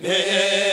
be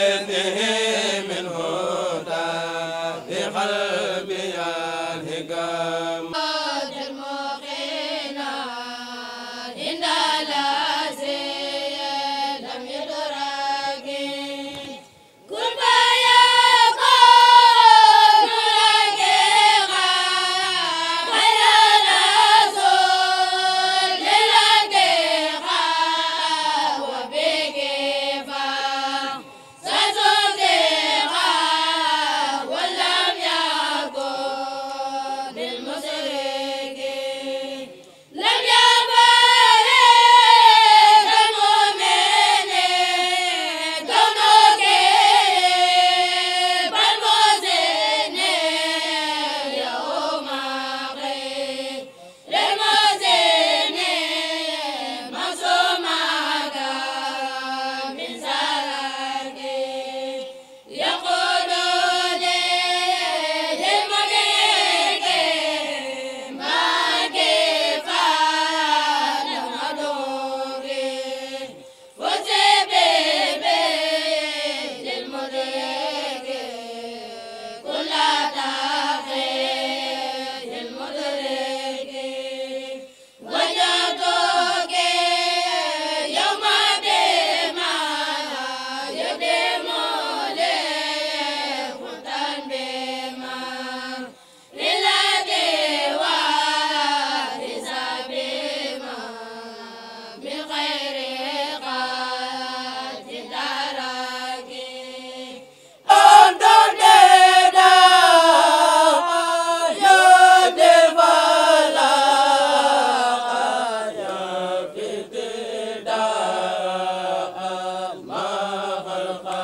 خلق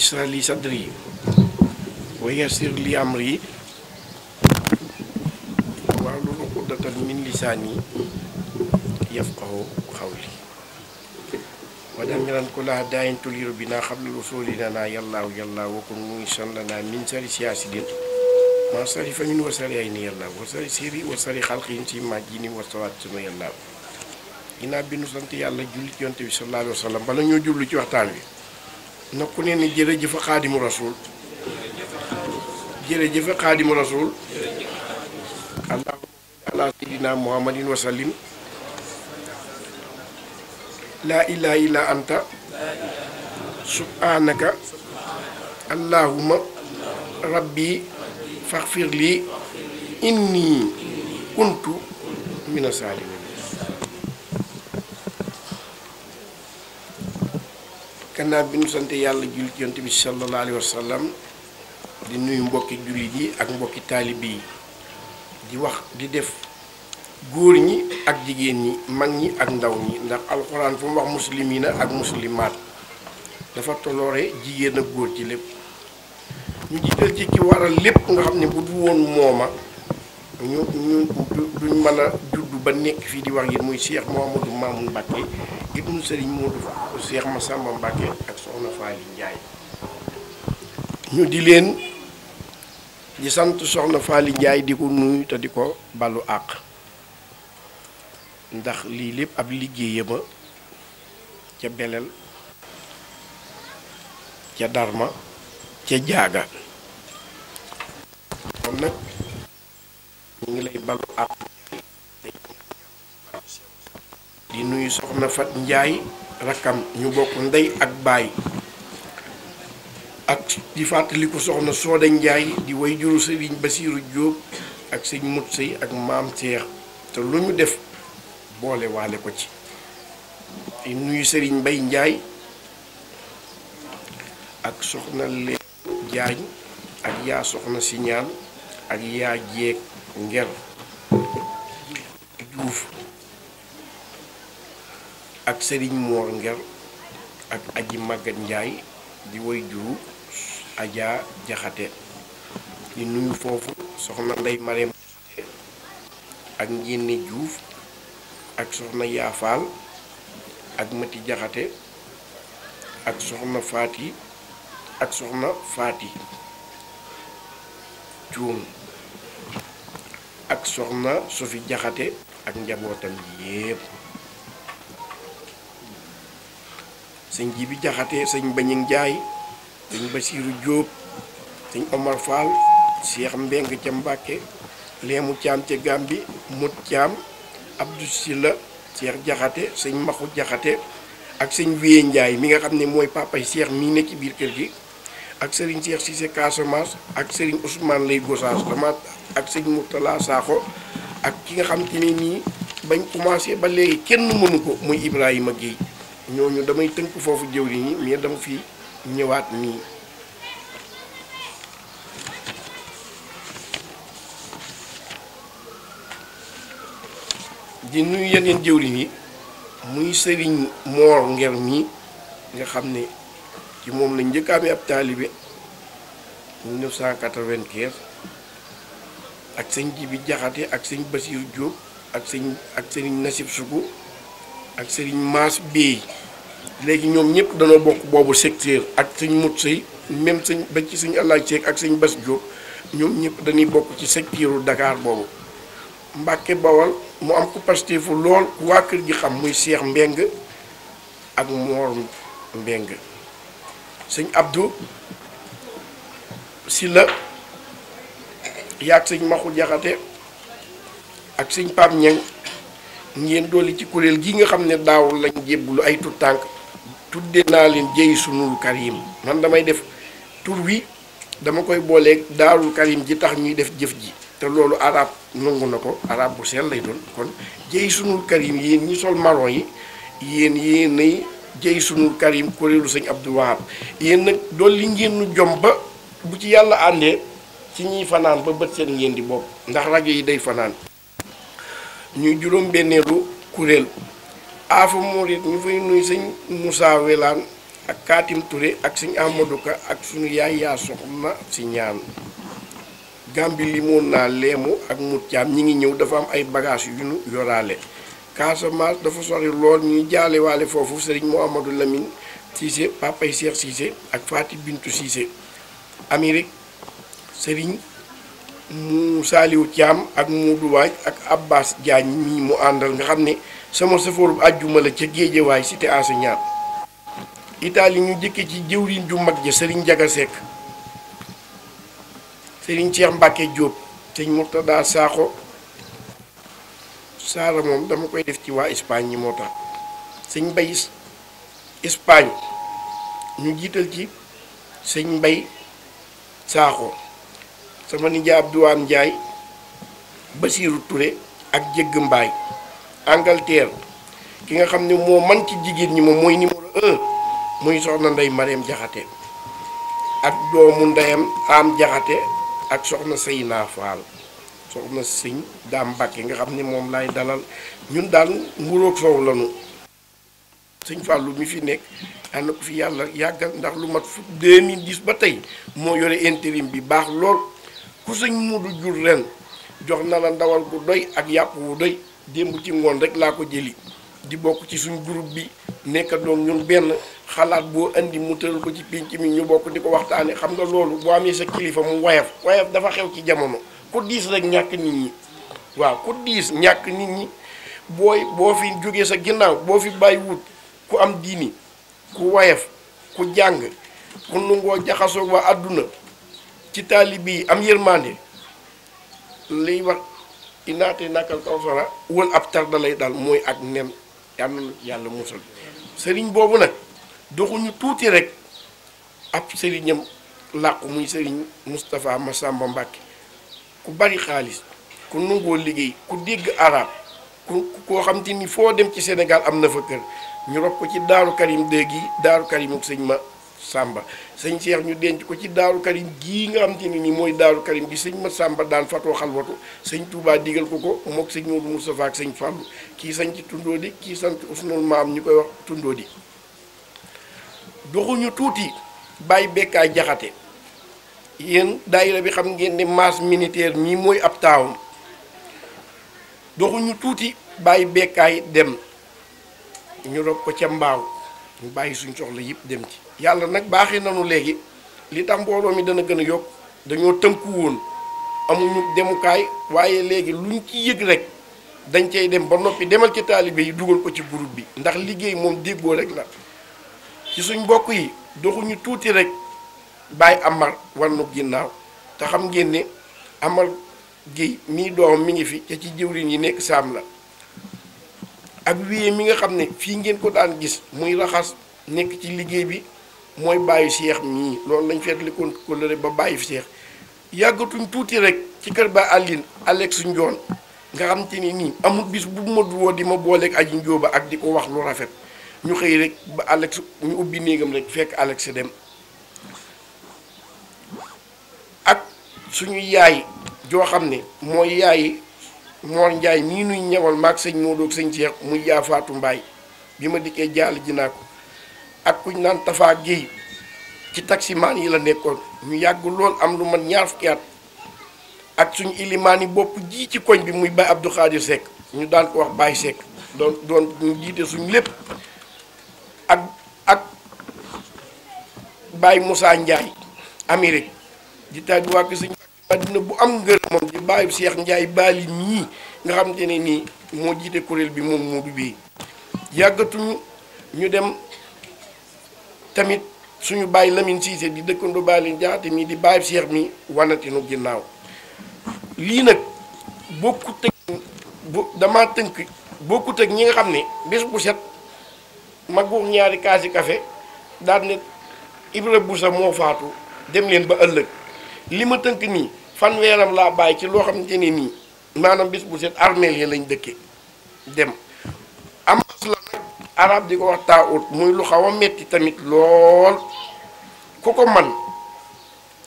israh li sadri wa yassir li amri wahlul uqdatan er min lisaani yafqahu qawli ودمرا كل داع تلير بنا قبل الوصول لنا يا الله يا الله وكن ميسا لنا من سر سياسدين ما سر فمن وسر عيني يا الله وسر سيري وسر خلقهم سي ماجيني وسوات سما يا الله ginnaaw bi nu sant yàlla julli yonte bi sallallahu alayhi wa sallam bala ñoo jublu ci waxtaan wi na ku ne ni jërëjëf xaadimu rasul jërëjëf xaadimu rasul allahumma ala sayyidina muhammadin wa sallim laa ilaha illa anta subhanaka allahumma rabbi faghfir li inni kuntu mina salimin gannaaw bi nu sant yàlla jullit yonent bi sallallahu alayhi wa sallam di nuyu mbokki jullit yi ak mbokki taalibe yi di wax di def góor ñi ak jigéen ñi mag ñi ak ndaw ñi ndax alxuraan fu mu wax muslimina ak muslimaat dafa toloore jigéen ak góor ci lépp ñu jiital ci ki waral lépp nga xam ne bu du woon mooma ñu ñu duñ mën a judd ba nekk fii di wax yéen muy Cheikh Mouhamadou Mamoun Mbacke ibnu Sëriñ Modou Cheikh Massamba Mbacke ak Soxna Faali ñu di leen di sant Soxna Faali Njaay di ko nuyu di ko balu àq ndax lii lépp ab liggéeyama ca Belel ca Darma ca Jaaga kon nag ñu ngi lay balu àq di nuyu soxna Fat Njaay rakkam ñu bokk ndey ak baay ak di fàttaliku soxna Sooda Njaay di way juru sëriñ Basiiru Jóob ak sëñ mut sëy ak maam Seex te lu ñu def boole ko ci di nuyu sëriñ Mbay Njaay ak soxna Leen Jaañ ak yaa soxna si ñaan ak yaa jeeg nger Serigne Mor Nger ak Aji Maguette Ndiaye di way juru Adja Jaxate di nuyu foofu soxna Ndey Marème ak Njéene Diouf ak soxna Yaafaal ak Mati Jaxate ak soxna Faati ak soxna ak soxna Sofi Jaxate ak njabootam yépp sëñ Jibi Jaxate sëñ Bañing Jaay sëñ Basiiru Jóob sëñ Omar Fall Cheikh Mbeng ca Mbàkke Leemu Caam ca Gàmbi Mut Caam Abdou Silla Cheikh Jaxate sëñ Maxu Jaxate ak sëñ Wéye Njaay mi nga xam ni mooy papay Cheikh miine ci biir kër gi ak sëriñ Cheikh Cissé Casamance ak sëriñ Ousmane Lay Gosaas dama ak sëñ Mourtala Saaxo ak ki nga xam te ne nii bañ commencé ba léegi kenn mënu ko muy Ibrahima Guèye ñooñu damay tënk foofu jëwriñ yi mais dama fi ñëwaat nii di nuyu yeneen jëwriñ yi muy sëriñ moor nger mii nga xam ne ci moom la njëkk amee ab taalibe 1995 ak sëñ Jibi Jaxate ak sëñ Basiir Jóob ak sëñ ak sëriñ Nasib Sugu ak sëriñ Maas Bey léegi ñoom ñëpp danoo bokk boobu secteur ak sëñ mut sëy même sëñ ba ci sëñ Alaaj Seeg ak sëñ Bas Diop ñoom ñëpp dañuy bokk ci secteuru Dakar boobu Mbàkke Bawal mu am ko pastefu lool waa kër gi xam muy Seex Mbeng ak Moor Mbeng sëñ abdu si la yaag sëñ Maxu Jaxate ak sëñ Pape Ñeng ngeen dolli ci kuréel gi nga xam ne daawul lañ jébbalu ay tut tànk tudde naa leen jëy sunul karim man damay def tur wi dama koy booleeg daarul karim ji tax ñuy def jëf ji te loolu arab nangu na ko arab bu seen lay doon kon jëy sunul karim yéen ñi sol maron yi yéen yéenay jëy sunul karim kuréelu sëñ Abdou Wahab yéen nag dolli ngeen nu jom ba bu ci yàlla àndee ci ñuy fanaan ba bët seen ngeen di bopp ndax rajo yi day fanaan ñuy juróom benneelu kuréel Afa Mouride ñu fay nuyu sëñ Moussa Welaan ak Kaatim Touré ak sëñ Amadou ak suñu yaay yaa soxna si ñaan Gàmbi limoon naa leemu ak mut caam ñi ngi ñëw dafa am ay bagage yu ñu yoraale Casamance dafa sori lool ñuy jaalewaale foofu sëriñ Mouhamadou Lamine Cissé papay Cheikh Cissé ak Faati Bintu Cissé Amérique sëriñ mu saaliwu Thiam ak Modou Waaj ak Abbas Diagne mii mu àndal nga xam ni sama safooru àjjuma la ca géejewaay cité enseignant Italie ñu jëkke ci jëwriñ ju mag ja sëriñ Jaga Seck sëriñ Cheikh Mbacke jóob sëñ Murtada Sakho saara moom dama koy def ci waa Espagne ñi moo tax sëñ Bay Espagne ñu jiital ci sëñ Mbay Sakho sama nijaay Abdouane Ndiaye Basirou Touré ak Jégg Mbaay Angleterre ki nga xam ne moo man ci jigéen ñi moom mooy numéro un muy soxna ndey Mariam Jaxate ak doomu ndeyam am Jaxate ak soxna naa Fall soxna Sëñ Daam Mbàkke nga xam ne moom lay dalal ñun daal mburoog soow lanu sëñ Fallou mu fi nekk ànd ko fi yàlla yàggal ndax lu mat fu 2010 ba tey moo yore intérim bi baax lool ku sëñ Moodu jur ren jox na la ndawal bu doy ak yàpp wu doy démb ci ngoon rek laa ko jëli di bokk ci suñu groupe bi nekk doom ñun benn xalaat boo indi mu tëral ko ci pénc mi ñu bokk di ko waxtaane xam nga loolu boo amee sa kilifa mu wayaf wayaf dafa xew ci jamono ku diis rek ñàkk nit ñi waaw ku diis ñàkk nit ñi booy boo fi jógee sa ginnaaw boo fi bàyyi wut ku am diini ku wayaf ku jàng ku nungoo jaxasoo waa àdduna ci taalibe yi am yërmande liy wax inaate nakal kawsara wal ab tar da lay daal mooy ak nen yàlla yàlla musal sëriñ boobu nag doxuñu tuuti rek ab sëriñam làqu muy sëriñ Moustapha Massamba Mbacke ku bari xaalis ku nungoo liggéey ku dégg arab ku koo xam te ni foo dem ci senegal am na fa kër ñu rob ko ci Daaru Karim dëgg yi Daaru Karim sëñ ma Samba sëñ Cheikh ñu denc ko ci Daaru Karim gii nga xam te ne mooy Daaru Karim gi sëñ ma Samba daan fatoo xalwatu sañ tuubaa digal ko ko moo sëñ Modou Moustapha ak sëñ Fallou kii sañ ci tundoo di kii sant Usnul Maam ñu koy wax tundoo di doxuñu tuuti bàyyi bekkaa jaxate yéen daayira bi xam ngeen ne masse militaire mii mooy ab taawam doxuñu tuuti bàyyi bekkaay dem ñu rob ko ca mbaaw ñu bàyyi suñ soxla yëpp dem ci yàlla nag baaxee nanu léegi li tax mbooloo mi dana gën a yokk dañoo tënku woon amuñu demukaay waaye léegi luñ ci yëg rek dañ cay dem ba noppi demal ci taalibe yi dugal ko ci groupe bi ndax liggéey moom déggoo rek la ci suñ mbokk yi doxuñu tuuti rek bàyyi amar war nu ginnaaw te xam ngeen ne amar géey mii doom mi ngi fi te ci jëwriñ yi nekk saam la ak wiyee mi nga xam ne fii ngeen ko daan gis muy raxas nekk ci liggéey bi mooy bàyyi seex mii loolu lañ feetlikoon kóllëre ba bàyyi fi seex yàggatuñ tuuti rek ci kër ba Aline Alex Ndion nga xam te ni nii amul bis bu ma woo di ma booleeg aji njóoba ak di ko wax lu rafet ñu xëy rek ba Alex ñu ubbi néegam rek fekk Alex dem ak suñu yaay joo xam ne mooy yaay Mor Njaay nii nuy ñewal maag sëñ Moodu ak sëñ Seex muy yaa Mbaay bi ma dikkee jàll ji naa ko ak kuñ naan Tafa Guèye ci taximaan yi la nekkoon ñu yàgg lool am lu man ñaar fukki ak suñu ilimaan yi bopp ji ci koñ bi muy Baye Abdou Khadir Seck ñu daal ko wax Baye Seck doon doon jiite suñu lépp ak ak Baye Moussa Ndiaye Amérique di taaj waa ko suñu àddina bu am ngër moom di Baye Cheikh Ndiaye Bali ñii nga xam te nii moo jiite kuréel bi moom Modou bii yàggatuñu ñu dem. tamit suñu bàyyi lamin Cissé di dëkkandoo Baalin Jaxate mii di bàyyi Seex mi wanati nu ginnaaw lii nag bokkut ak bu damaa tënk bokkut ak ñi nga xam ne bés bu set ma guux ñaari kaasi kafe daal ne Ibra sa moo faatu dem leen ba ëllëg li ma tënk nii fanweeram laa bàyyi ci loo xamante ne nii maanaam bés bu set armeel yi lañ dëkke dem arab di ko wax taaut muy lu xaw a metti tamit lool ku ko man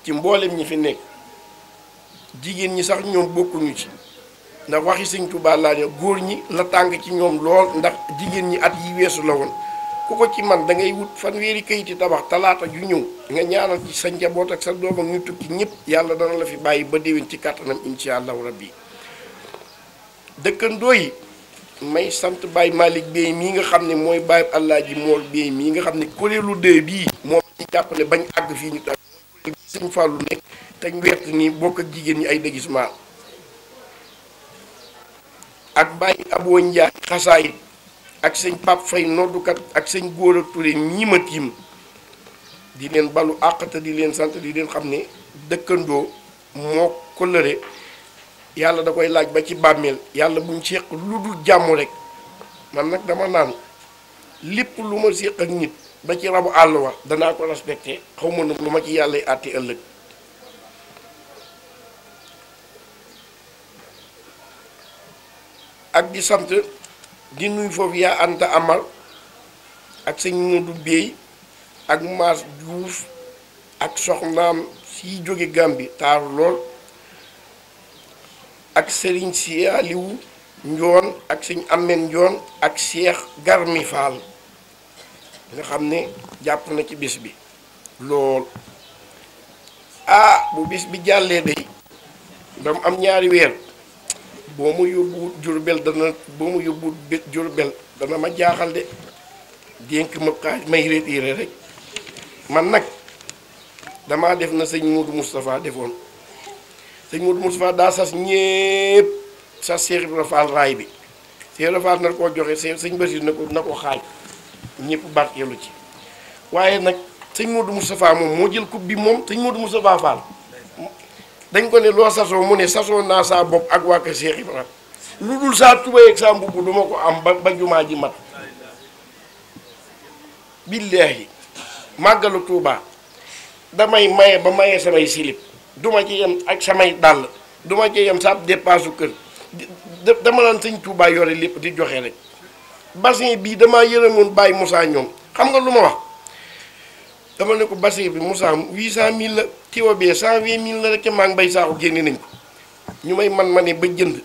ci mboolem ñi fi nekk jigéen ñi sax ñoom bokkuñu ci ndax waxi sëñ Tuubaa laa ne góor ñi la tàng ci ñoom lool ndax jigéen ñi at yi weesu la woon ku ko ci man da ngay wut fanweeri kayiti tabax talaata ju ñëw nga ñaanal ci sa njaboot ak sa doom ñu tukki ñëpp yàlla dana la fi bàyyi ba déwén ci kàttanam incha allahu rabbi dëkkandoo yi may sant baay malik Bey mii nga xam ne mooy Baye allah ji mool Bey mii nga xam ne kuréelu dee bii moom ci jàppale bañ àgg fii ñu tax suñ fàllu nekk te ñu wert nii bokk ak jigéen ñi ay déguisement ak Baye Abo Ndiaye xasaayit ak sëñ Pape Faye noddukat ak sëñ góor a Touré ñi ma tiim di leen balu àq di leen sant di leen xam ne dëkkandoo moo ko yàlla da koy laaj ba ci bàmmeel yàlla buñ séq lu dul jàmm rek man nag dama naan lépp lu ma séq ak nit ba ci rabu àll wa dana ko respecté xaw ma nu lu ma ci yàlla àtti ëllëg ak di sant di nuy foofu yaa Anta Amar ak sëñ Modou Bey ak Maas Diouf ak soxnaam siy jóge Gàmbi taaru lool ak sëriñ si Aliou Njoon ak sëñ Ameen Njoon ak Cheikh Garmi Fall nga xam ne jàpp na ci bis bi lool ah bu bis bi jàllee day dam am ñaari weer boo ma yóbbuwut Jurbel dana boo ma yóbbuwut Jurbel dana ma jaaxal de dénk ma kaay may réet rek man nag dama def na sëñ Moodu Moustapha defoon sëñ Modou Moustapha daa sas ñépp sas Cheikh Ibrahima Fall raay bi Cheikh na koo joxe sëñ Basiir na ko na ko xaaj barkeelu ci waaye nag sëñ Modou Moustapha moom moo jël coupe bi moom sëñ Modou Moustapha Fall dañ ko ne loo sasoo mu ne sasoo naa saa bopp ak waa kër Cheikh lu dul saa tubéy ak duma ko am ba ba jumaa ji mat billaahi màggalu Tuubaa damay maye ba maye samay silip duma ci yem ak samay dàll duma ci yem saab dépense kër dama naan sëñ Touba yore lépp di joxe rek bassin bii damaa yërëmoon Baye Moussa ñoom xam nga lu ma wax dama ne ko bassin bi musaa Moussa 800000 la tiwa bee 120000 la rek ca maa ngi bay saaxu génne nañ ko ñu may man ma ne ba jënd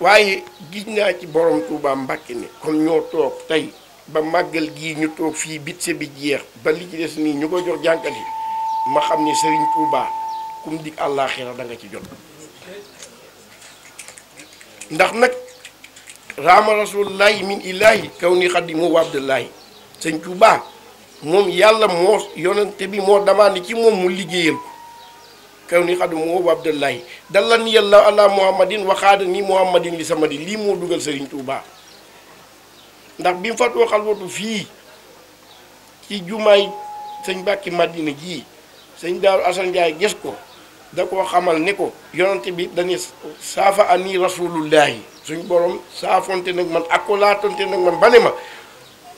waaye gis naa ci borom Touba Mbàkke ne kon ñoo toog tey ba màggal gii ñu toog fii bitse bi jeex ba li ci des nii ñu ko jox jànkat yi ma xam ne Serigne Touba. kum dig àllaaxira da nga ci jot ndax nag raama rasulullahi min ilahi kaw ni xadimu wa abdullahi sëñ Tuubaa moom yàlla moo yonente bi moo demandé ci moom mu liggéeyal ko kaw ni xadimu wa abdullahi dalla ni yàlla ala muhammadin waxaada ni muhammadin li samadi lii moo dugal sëriñ Tuubaa ndax bi mu fatoo xalwatu fii ci jumaay sëñ Bàkki Madina jii sëñ Daaru Asan Njaay gis ko da koo xamal ni ko yonante bi dañuy saafa ani rasulullahi suñ borom saafonte nag man ak ko laatante nag man ba ne ma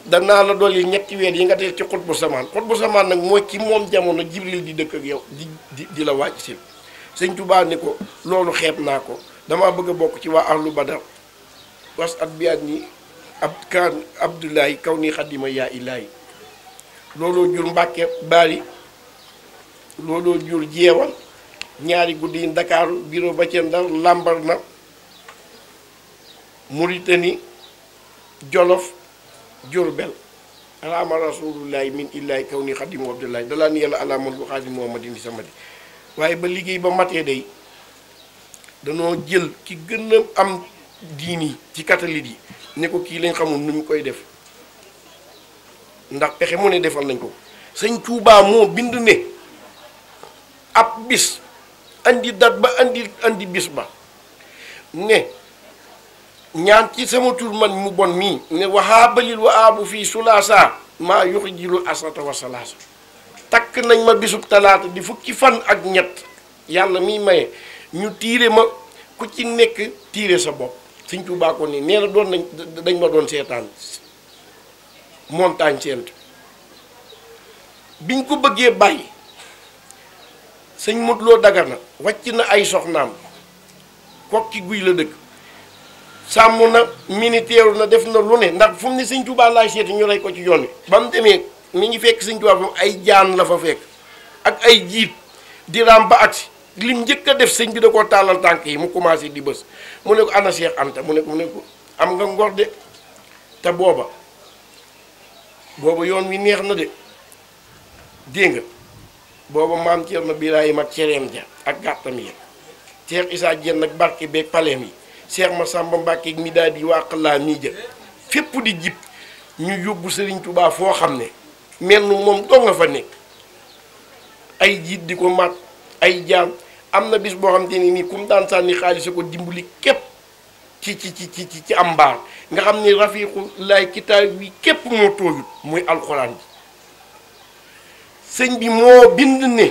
danaa la dolli ñetti weer yi nga def ci xutbu samaan xutbu samaan nag mooy ci moom jamono jibril di dëkk ak yow di di la wàcc si sëñ Tuubaa ni ko loolu xeet naa ko dama bëgg a bokk ci waa ahlu badar was at biyaat ni ab abdullahi kaw ni xaddima yaa ilaahi looloo jur mbàkke baari looloo jur jeewal ñaari guddi yi ndakaaru bureau ba ca Ndar làmbar na Muritani Jolof Jurbel alaama rasulullahi min illahi kaw ni xadimu abdullahi dalaa ni yàlla alaaman bu xaadimu muhammadin di waaye ba liggéey ba matee day danoo jël ki gën am diin ci catholique yi ne ko kii lañ xamul nu ñu koy def ndax pexe mu ne defal nañ ko sëñ Tuubaa moo bind ne ab bis andi date ba andi andi bis ba ne ñaan ci sama tur man mu bon mii ne waxaabalil wa fii sulaasa maa yuxi jilu asata wa takk nañ ma bisub talaata di fukki fan ak ñett yàlla miy maye ñu tiire ma ku ci nekk tiire sa bopp Sëñ Tuubaa ko ne nee na doon nañ dañ ma doon seetaan montagne sent biñ ko bëggee bàyyi sëñ Modou Lo na wàcc na ay soxnaam kokki guy la dëkk sàmm na militaire na def na lu ne ndax fu mu ne sëñ Tuubaa laay seeti ñu rey ko ci yoon wi ba mu demee mi ngi fekk sëñ Tuubaa ay jaan la fa ak ay jiit di raam ba agsi lim njëkk a def sëñ bi da koo tàllal tànk mu commencé di bës mu ne ko ana mu ne mu ne am nga ngor de te booba booba yoon wi neex na de dégg nga booba maam Thierno Birahim ak cereem ja ak gàttam ya Cheikh Issa Dieng nag barke beeg paleem yi ma Massamba Mbacke mi daal di waa laa nii ja fépp di jib ñu yóbbu Serigne Touba foo xam ne mel nu moom doo nga fa nekk ay jiit di ko mat ay jaam am na bis boo xam ne nii kum daan sànni xaalis ko dimbali képp ci ci ci ci ci am mbaar nga xam ne rafiqu laay kitaab yi képp moo tooyut muy alxuraan bi sëñ bi moo bind ne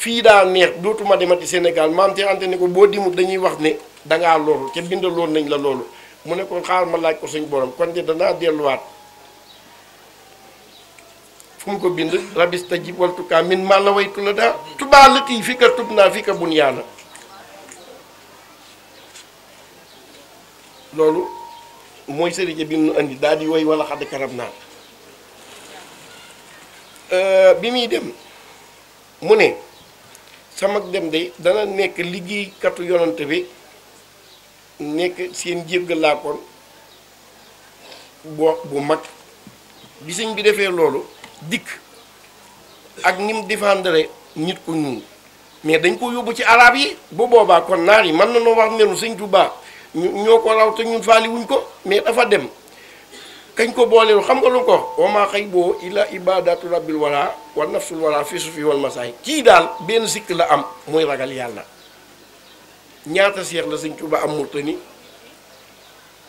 fii daa neex dootuma demati Sénégal maam te ne ko boo dimut dañuy wax ne dangaa loolu ca bindaloon nañ la loolu mu ne kon xaar ma laaj ko suñ borom kon de danaa delluwaat fu mu ko bind rabista ji waltukaa min ma la waytu la daa tubaa lëkk fi ka tub naa fi ka bun yaana loolu mooy sëriñ bi nu andi daal di woy wala xadd karab naa Euh, bi muy dem mu ne sama dem de dana nekk liggéeykatu yonante bi nekk seen jéggalaa kon boo bu mag bi sëñ bi defee loolu dikk ak ni mu nit ku ñuul mais dañ ko yóbbu ci arab yi bu boobaa kon naar yi mën na noo wax melu sëñ Tuubaa ñoo ko raw te ñun faali wuñ ko mais dafa dem kañ ko boolewul xam nga lu ko wax wama xay boo illa ibadatu rabbil wala wa nafsul wala fi sufi wal masaay kii daal benn sikk la am muy ragal yàlla ñaata seex la sëñ Tuuba am murtani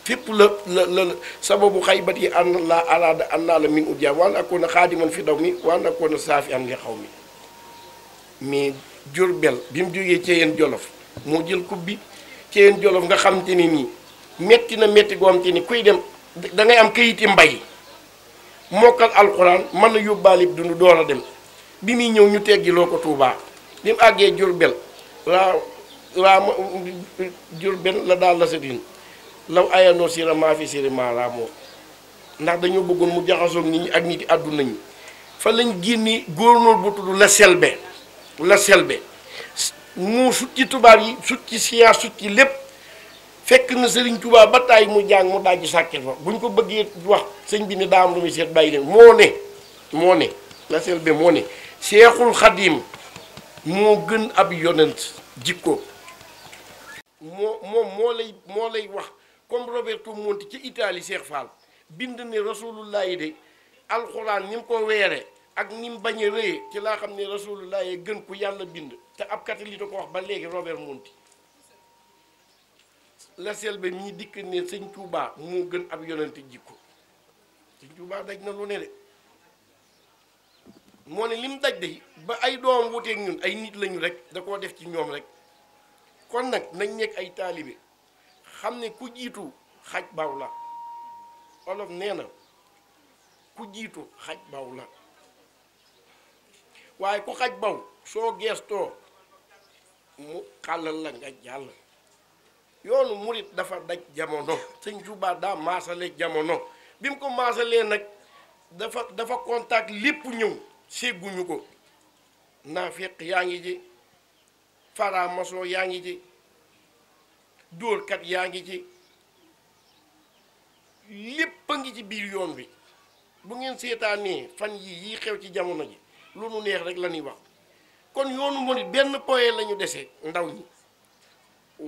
fépp la la la sababu xaybat yi an laa alaada an naa la min ut jaam waan akoon a fi daw mi waan akoon a saafi an li xaw mi mais Jurbel bi mu jógee Ceyeen Jolof moo jël kub bi Ceyeen Jolof nga xam te ni nii metti na metti goo xam te kuy dem da ngay am kayiti mbay mokkal alxuraan mën na yóbbaale dund door a dem bi muy ñëw ñu teggi loo ko Touba bi mu àggee Diourbel laa laa ma Diourbel la daal la sa din law ayanoo sira fi sira maa ndax dañoo bëggoon mu jaxasoog nit ñi ak nit yi àdduna ñi fa lañ génni góornóor bu tudd la selbe la selbe mu sut ci tubaab yi sut ci siyaas sut ci lépp fekk na Serigne Touba ba tàyyi mu jàng mu dajji sàkkil fa buñ ko bëggee wax sëñ bi ne daam lu muy seet bàyyi leen moo ne moo ne la sel bi moo ne Seexul Xadiim moo gën ab yonent jikko moo moom moo lay moo lay wax comme Roberto Monti ci Italie Cheikh Fall bind ne rasulullahi de alxuraan ni mu ko weere ak ni mu bañ a rëye ci laa xam ne rasulullahi gën ku yàlla bind te ab catholique ko wax ba léegi Robert Monti laseel ba mii dikk ne sëñ Touba mu gën ab yonente jikko sëñ Touba daj na lu ne de moo ne lim daj de ba ay doom wuteeg ñun ay nit lañu rek da koo def ci ñoom rek kon nag nañ nekk ay taalibe xam ne ku jiitu xaj baw la olof nee na ku jiitu xaj baw la waaye ku xaj baw soo geestoo mu xàllal la nga jàll yoonu murit dafa daj jamono sëñ Tuubaa daa maasale jamono bi mu ko maasalee nag dafa dafa contact lépp ñëw ségguñu ko naafiq yaa ngi ci faramaso yaa ngi ci dóorkat yaa ngi ci lépp a ngi ci biir yoon bi bu ngeen seetaanee fan yii yii xew ci jamono ji lu nu neex rek la wax kon yoonu murit benn point lañu desee ndaw ñi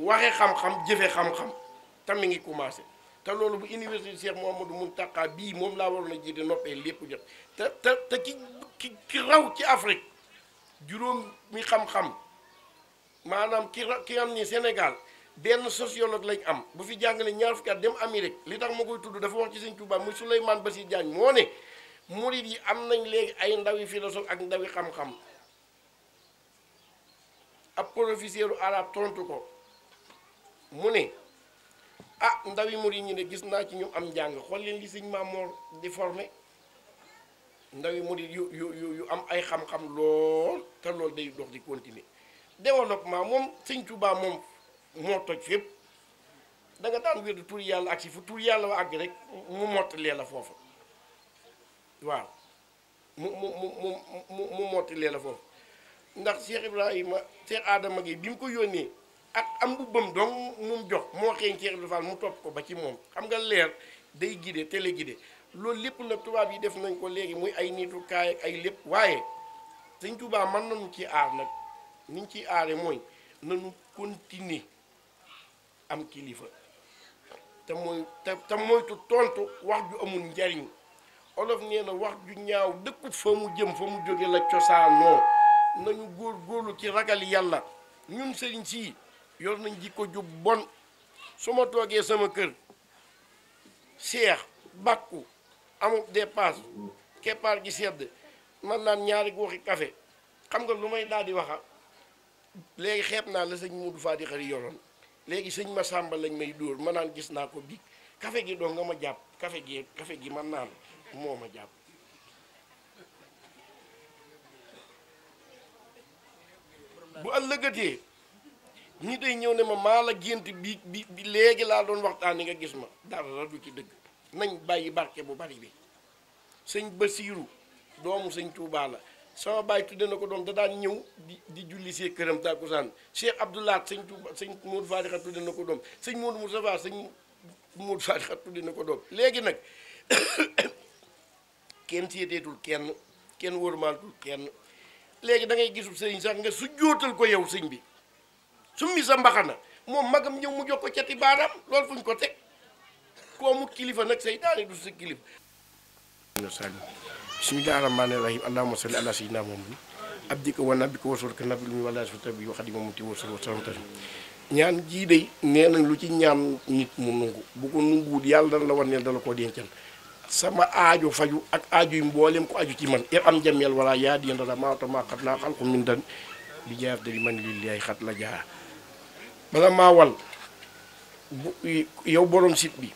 waxe xam-xam jëfe xam-xam tam ngi commencé te loolu bu université Cheikh Mouhamadou Mountakha bii moom laa waroon a jiite noppee lépp jot te ki ki ki raw ci Afrique juróom mi xam-xam maanaam ki ra ki am ni Sénégal benn sociologue lañ am bu fi jàngale ñaar fukki dem Amérique li tax ma koy tudd dafa wax ci sëñ Tuubaa muy Souleymane Bachir Diagne moo ne murid yi am nañ léegi ay ndawi philosophe ak ndawi xam-xam ab professeur arab tontu ko. mu ne ah ndawi murid ñu ne gis naa ci ñu am njàng xool leen li sëñ maam moo di formé ndawi murid yu yu yu am ay xam-xam lool te loolu day dox di continuer développement moom sëñ Tuubaa moom moo toj fépp da nga daan wér tur yàlla ak si fu tur yàlla wa àgg rek mu mottalee la foofu waaw mu mu mu mu mu mottalee la foofu ndax Cheikh Ibrahima Cheikh Adama gi bi mu ko yónnee. ak am mbubbam dong mu jox moo xeeñ ci mu topp ko ba ci moom xam nga leer day gide téléguidé loolu lépp nag tubaab yi def nañ ko léegi muy ay nitu kaay ak ay lépp waaye sëñ Tuubaa mën nañu ci aar nag niñ ci aare mooy nañu continuer am kilifa te mooy te te moytu tontu wax ju amul njariñ olof nee na wax ju ñaaw dëkkut fa mu jëm fa mu jóge la cosaanoo nañu góor góorlu ci ragal yàlla ñun sëriñ sii yor nañ jikko jub bon su ma toogee sama kër seex bàkku amul dépasse keppaar gi sedd man naan ñaari gooxi café xam nga lu may daal di waxa léegi xeeb naa la sëñ Modou Fadi xari yoroon léegi sëñ ma sàmba lañ may dóor ma naan gis naa ko bi kafe gi doo nga ma jàpp kafe gi café gi man naan moo ma jàpp bu ëllëgatee ñu day ñëw ne ma maa la gént bi bi léegi laa doon waxtaan ni nga gis ma dara du ci dëgg nañ bàyyi barke bu bari bi sëñ Basiiru doomu sëñ Tuubaa la sama baay tudde na ko doom da daan ñëw di di julli see këram tàkkusaan Cheikh Abdoulaat sëñ Tuubaa sëñ Moodu Faatixa tudde na ko doom sëñ Moodu Mustafaa sëñ Moodu Faatixa tudde na ko doom léegi nag kenn seeteetul kenn kenn wóorumaal tul kenn léegi da ngay gisul sëriñ sax nga su jóotal ko yow sëñ bi summi sa mbaxana moom magam ñëw mu jox ko cati baaraam loolu fuñ ko teg koomu kilifa nag seytaane du sa kilifa sani bismillahi rahmaani rahim allahumma salli ala sayyidina muhammad abdika wa nabika wa rasulika bi mi wala su tabi waxat moom ti wasal wasalam tani ñaan jii day nee nañ lu ci ñaan nit mu nungu bu ko nunguwut yàlla dana la war ne dala koo dencal sama aajo faju ak aajo yu mboolem ko aju ci man ir am jameel wala yaa diendala maata maa xat naa xalqu min dan bi jaaf la jaa bala maa wal bu yow borom site bi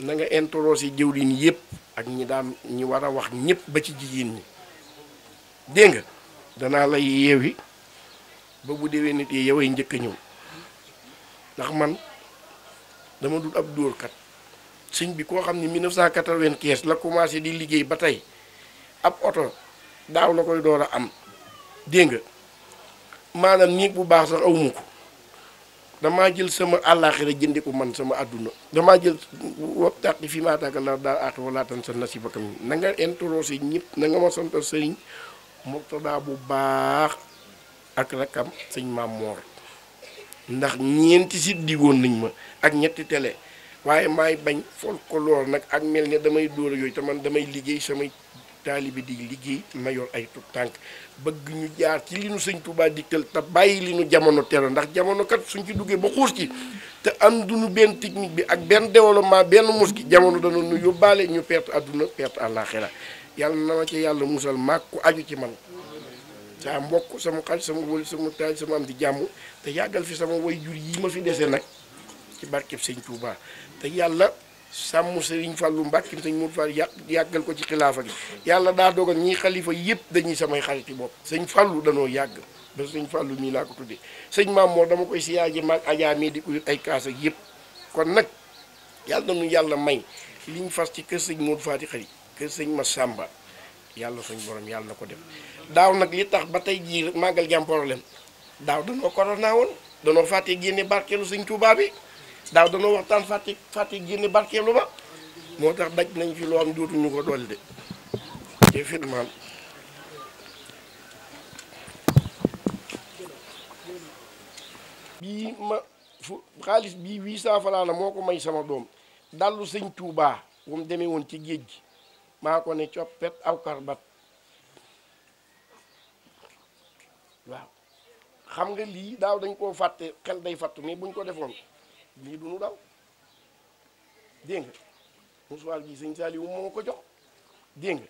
na nga introsé jëwlin yëpp ak ñi daan ñi war a wax ñëpp ba ci jigéen ñi dégg nga danaa la yeewi ba bu déwee nit yi yoway njëkk ñëw ndax man dama dul ab dóorkat sëñ bi koo xam ne 1995 la commencé di liggéey ba tey ab oto daaw la koy door a am dégg nga maanaam ñi bu baax sax awmu ko damaa jël sama àllaaxira jëndi ko man sama àdduna damaa jël wabtaqi fii maa aataaka Allaahu daar aaxira wa laa tansa nasiibaka min na nga introsé ñëpp na nga ma sant sëriñ Murtadaa bu baax ak rakam sëñ Maam Moor ndax ñeenti si diggoon nañ ma ak ñetti tele waaye maay bañ folklore nag ak mel ne damay dóor yooyu te man damay liggéey samay taalibi di liggéey ma yor ay tub tànk bëgg ñu jaar ci li nu sëñ Tuubaa dikkal te bàyyi li nu jamono tere ndax jamono kat suñ ci duggee ba xuus ci te am duñu benn technique bi ak benn développement benn mus gi jamono dana nu yóbbaale ñu perte àdduna perte àllaaxira yàlla na ma ci yàlla musal maag ku aju ci man saa mbokk sama xaj sama wël sama taaj sama am di jàmm te yàggal fi sama way jur yi ma fi dese nag ci barkeb sëñ Tuubaa te yàlla sàmm Serigne Fallou Mbacke sëñ Modou Fall yàq yàggal ko ci xilaafa gi yàlla daa dogal ñii xalifa yépp dañuy samay xariti bopp sëñ Fallou danoo yàgg ba sëñ Fallou mii laa ko tuddee sëñ Maam Mor dama koy siyaaje di ay kaas ak yépp kon nag yàlla nañu yàlla may liñ fas ci kër sëñ Modou Fati xarit kër sëñ Massamba yàlla sañ borom yàlla na ko def daaw nag li tax ba tey jii màggal gi am problème daaw danoo corona danoo fàtte génne barkeelu sëñ Touba bi daaw dañoo waxtaan Fatick Fatick génne barkeelu ma moo tax daj nañ fi loo am dootuñu ko dolli de te bii ma fu xaalis bii huit cent francs la moo ko may sama doom dallu sëñ tuubaa bu mu demee woon ci géej gi maa ko ne coppet aw karbat waaw xam nga lii daaw dañ koo fàtte xel day fàttu mais buñ ko defoon lii du nu daw dégg nga musuwaar bii sëñ Saliou moo ko jox dégg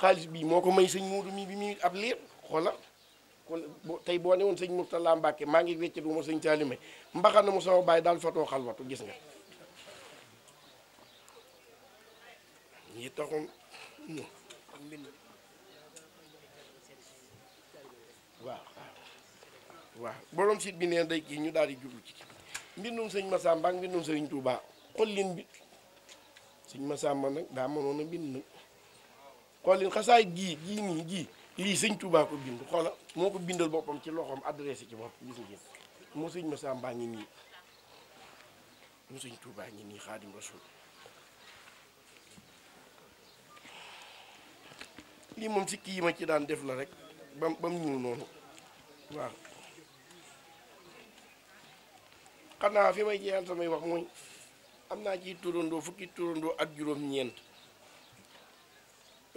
xaalis bii moo ko may sëñ Moodu mii bi muy ab liir xoolal kon tey boo ne woon sëñ Mourtala Mbacke maa ngi wecce du ma sëñ may mbaxana mu sama bàyyi daal fatoo xalwatu gis nga ñi taxoon waaw waaw borom sit bi neen day kii ñu daal di jublu ci mbindum sëñ Masamba ak mbindum sëriñ Touba xollin bi sëñ Masamba nag daa mënoon a bind nag xollin xasaay gii gii nii lii sëñ Touba bind xoola moo ko bindal boppam ci loxoom adressé ci boppam gis ngeen moo sëñ Masamba ngi nii moo sëñ Touba ngi nii Xaadim Rasul lii moom si kii ma ci daan def la rek bam bam ñëw noonu waaw xanaa fi may jeexal samay wax mooy am naa ci turandoo fukki turandoo ak juróom-ñeent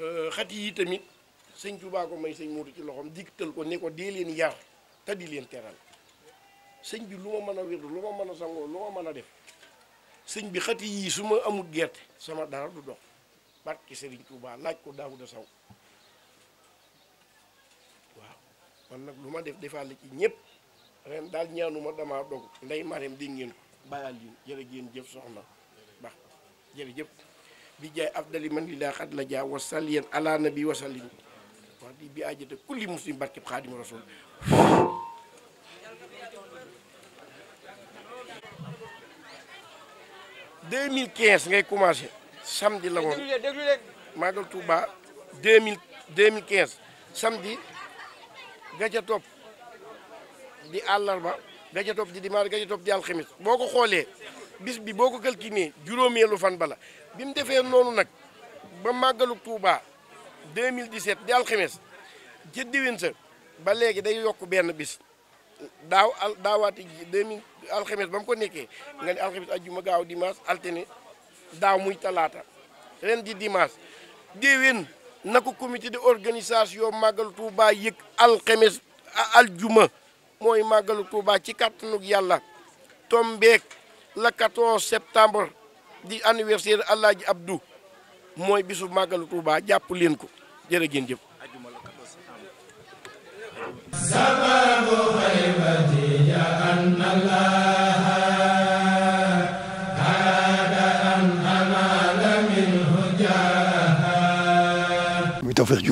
euh, xat yi tamit sëñ Tuubaa ko may sëñ Moodu ci loxoom digtal ko ne ko dee leen yar te di leen teral sëñ bi lu ma mën a wér lu ma mën a sangoo lu ma mën a def sëñ bi xati yii su ma amul gerte sama dara du dox barki sëriñ Tuubaa laaj ko Daawuda Saw waaw man nag lu ma def defaale ci ñëpp ren daal ñaanuma damaa dog nday mareem dégg ngeen ko bàyyal yi jërë jëf soxna ba jërëjëf bi jaay afdali man lilaa xat la jaa wa salliyan ala nabi wa sallim wax di bi ajjate kulli muslim barkeb xaadim rasul deux mille quinze ngay commencé samedi la woon Magal Touba deux mille deux mille quinze samedi ga di àllarba ga ca topp di dimanche ga ca topp di alxamis boo ko xoolee bis bi boo ko calculé juróomeelu fan bala bi mu defee noonu nag ba màggalu Touba 2017 di alxamis ca diwin sa ba léegi day yokk benn bis daaw al daawaati 2000 alxamis ba mu ko nekkee nga ne alxamis ajjuma gaaw dimanche altine daaw muy talaata ren di dimanche déwén na ko comité de organisation màggalu Touba yëg alxamis aljuma mooy màggalu Touba ci kàttanug yàlla tombeek la 14 di anniversaire Alaaji Abdou mooy bisu màggalu Touba jàpp leen ko jër ngeen jëf muy tawfeex ju